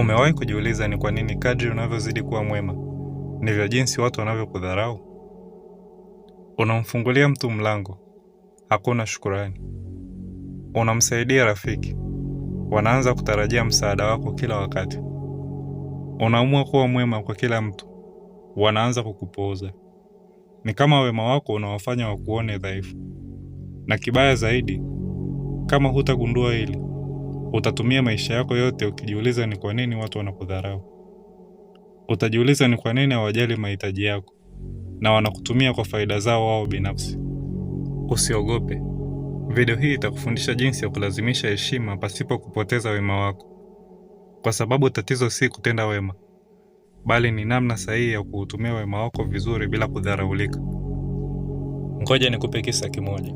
Umewahi kujiuliza ni kwa nini kadri unavyozidi kuwa mwema ndivyo jinsi watu wanavyokudharau? Unamfungulia mtu mlango, hakuna shukurani. Unamsaidia rafiki, wanaanza kutarajia msaada wako kila wakati. Unaamua kuwa mwema kwa kila mtu, wanaanza kukupuuza. Ni kama wema wako unawafanya wakuone dhaifu, na kibaya zaidi, kama hutagundua hili Utatumia maisha yako yote ukijiuliza ni kwa nini watu wanakudharau. Utajiuliza ni kwa nini hawajali mahitaji yako na wanakutumia kwa faida zao wao binafsi. Usiogope. Video hii itakufundisha jinsi ya kulazimisha heshima pasipo kupoteza wema wako, kwa sababu tatizo si kutenda wema, bali ni namna sahihi ya kuutumia wema wako vizuri bila kudharaulika. Ngoja nikupe kisa kimoja.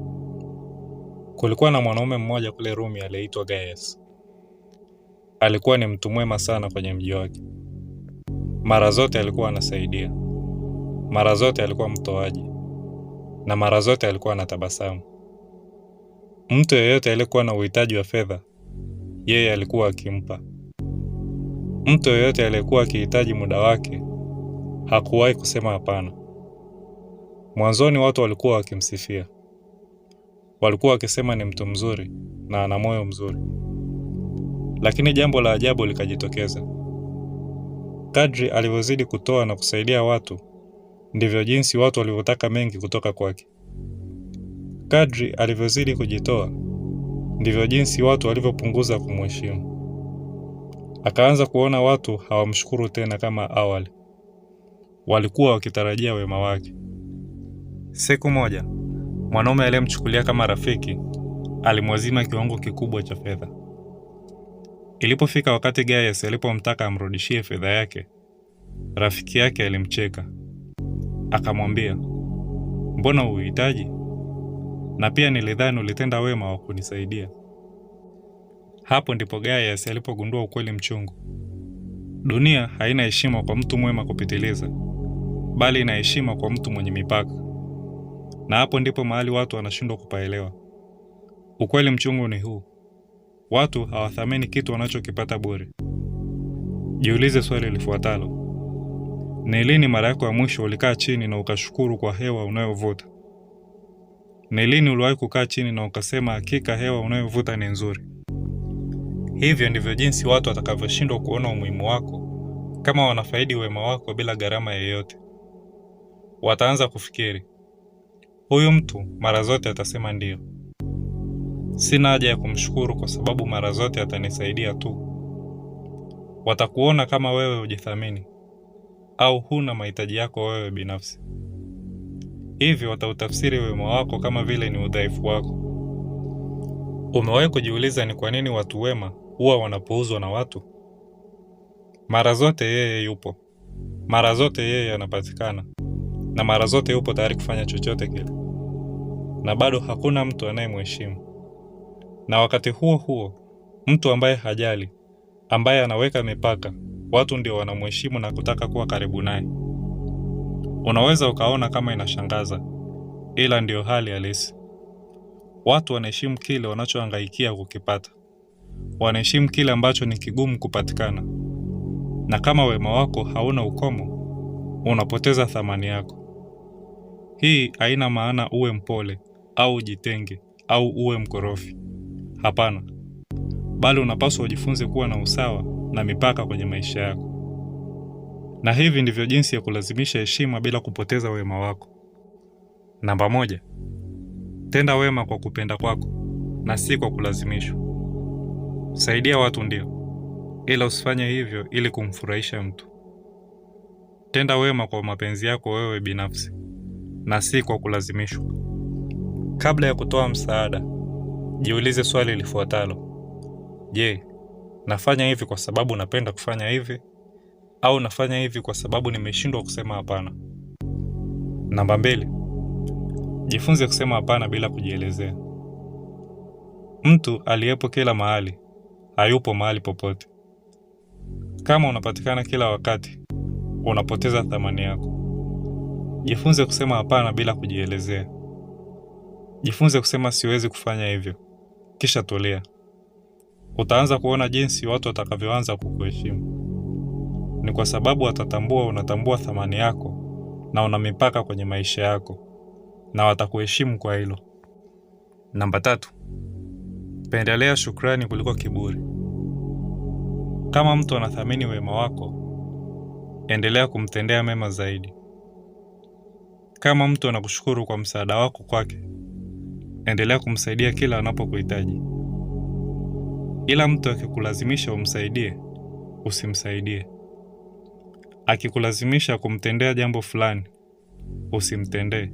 Kulikuwa na mwanaume mmoja kule Rumi aliyeitwa Gaius. Alikuwa ni mtu mwema sana kwenye mji wake. Mara zote alikuwa anasaidia, mara zote alikuwa mtoaji, na mara zote alikuwa tabasamu Mtu yeyote aliyekuwa na uhitaji wa fedha, yeye alikuwa akimpa. Mtu yeyote aliyekuwa akihitaji muda wake, hakuwahi kusema hapana. Mwanzoni watu walikuwa wakimsifia, walikuwa wakisema ni mtu mzuri na ana moyo mzuri. Lakini jambo la ajabu likajitokeza. Kadri alivyozidi kutoa na kusaidia watu, ndivyo jinsi watu walivyotaka mengi kutoka kwake. Kadri alivyozidi kujitoa, ndivyo jinsi watu walivyopunguza kumheshimu. Akaanza kuona watu hawamshukuru tena kama awali. Walikuwa wakitarajia wema wake. Siku moja, mwanaume aliyemchukulia kama rafiki alimwazima kiwango kikubwa cha fedha. Ilipofika wakati Gaius alipomtaka amrudishie fedha yake, rafiki yake alimcheka akamwambia, mbona uhitaji Na pia nilidhani ulitenda wema wa kunisaidia. Hapo ndipo Gaius alipogundua ukweli mchungu: dunia haina heshima kwa mtu mwema kupitiliza, bali ina heshima kwa mtu mwenye mipaka. Na hapo ndipo mahali watu wanashindwa kupaelewa. Ukweli mchungu ni huu: Watu hawathamini kitu wanachokipata bure. Jiulize swali lifuatalo: ni lini mara yako ya mwisho ulikaa chini na ukashukuru kwa hewa unayovuta? Ni lini uliwahi kukaa chini na ukasema hakika hewa unayovuta ni nzuri? Hivyo ndivyo jinsi watu watakavyoshindwa kuona umuhimu wako kama wanafaidi wema wako bila gharama yoyote. Wataanza kufikiri, huyu mtu mara zote atasema ndio. Sina haja ya kumshukuru kwa sababu mara zote atanisaidia tu. Watakuona kama wewe hujithamini au huna mahitaji yako wewe binafsi, hivyo watautafsiri wema wako kama vile ni udhaifu wako. Umewahi kujiuliza ni kwa nini watu wema huwa wanapuuzwa na watu? Mara zote yeye yupo, mara zote yeye anapatikana, na mara zote yupo tayari kufanya chochote kile, na bado hakuna mtu anayemheshimu. Na wakati huo huo, mtu ambaye hajali, ambaye anaweka mipaka, watu ndio wanamheshimu na kutaka kuwa karibu naye. Unaweza ukaona kama inashangaza, ila ndio hali halisi. Watu wanaheshimu kile wanachohangaikia kukipata, wanaheshimu kile ambacho ni kigumu kupatikana. Na kama wema wako hauna ukomo, unapoteza thamani yako. Hii haina maana uwe mpole au jitenge au uwe mkorofi. Hapana, bali unapaswa ujifunze kuwa na usawa na mipaka kwenye maisha yako, na hivi ndivyo jinsi ya kulazimisha heshima bila kupoteza wema wako. Namba moja, tenda wema kwa kupenda kwako na si kwa kulazimishwa. Saidia watu ndio, ila usifanye hivyo ili kumfurahisha mtu. Tenda wema kwa mapenzi yako wewe binafsi na si kwa kulazimishwa. Kabla ya kutoa msaada Jiulize swali lifuatalo: Je, nafanya hivi kwa sababu napenda kufanya hivi au nafanya hivi kwa sababu nimeshindwa kusema hapana? Namba mbili, jifunze kusema hapana bila kujielezea. Mtu aliyepo kila mahali hayupo mahali popote. Kama unapatikana kila wakati, unapoteza thamani yako. Jifunze kusema hapana bila kujielezea. Jifunze kusema siwezi kufanya hivyo kisha tulia. Utaanza kuona jinsi watu watakavyoanza kukuheshimu. Ni kwa sababu watatambua unatambua thamani yako na una mipaka kwenye maisha yako, na watakuheshimu kwa hilo. Namba tatu, pendelea shukrani kuliko kiburi. Kama mtu anathamini wema wako, endelea kumtendea mema zaidi. Kama mtu anakushukuru kwa msaada wako kwake, endelea kumsaidia kila anapokuhitaji, ila mtu akikulazimisha umsaidie, usimsaidie. Akikulazimisha kumtendea jambo fulani, usimtendee.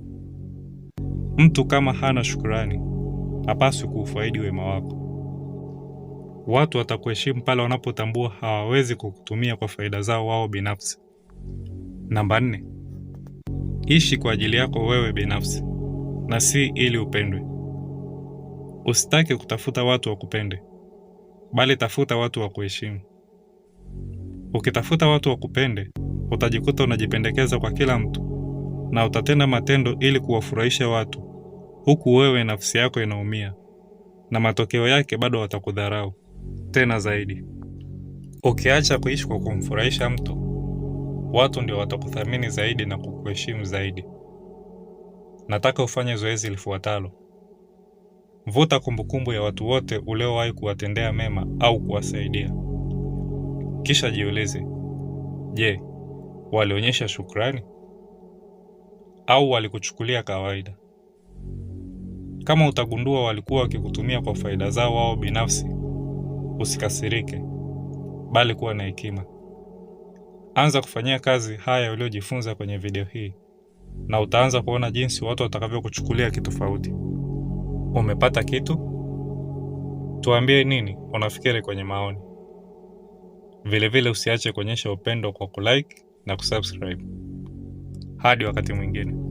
Mtu kama hana shukurani, hapaswi kuufaidi wema wako. Watu watakuheshimu pale wanapotambua hawawezi kukutumia kwa faida zao wao binafsi. Namba nne, ishi kwa ajili yako wewe binafsi na si ili upendwe. Usitake kutafuta watu wakupende, bali tafuta watu wakuheshimu. Ukitafuta watu wakupende, utajikuta unajipendekeza kwa kila mtu na utatenda matendo ili kuwafurahisha watu, huku wewe nafsi yako inaumia, na matokeo yake bado watakudharau tena zaidi. Ukiacha kuishi kwa kumfurahisha mtu, watu ndio watakuthamini zaidi na kukuheshimu zaidi. Nataka ufanye zoezi lifuatalo. Vuta kumbukumbu ya watu wote uliowahi kuwatendea mema au kuwasaidia, kisha jiulize, je, walionyesha shukrani au walikuchukulia kawaida? Kama utagundua walikuwa wakikutumia kwa faida zao wao binafsi, usikasirike, bali kuwa na hekima. Anza kufanyia kazi haya uliojifunza kwenye video hii, na utaanza kuona jinsi watu watakavyokuchukulia kitofauti. Umepata kitu? Tuambie nini unafikiri kwenye maoni. Vilevile vile usiache kuonyesha upendo kwa kulike na kusubscribe. Hadi wakati mwingine.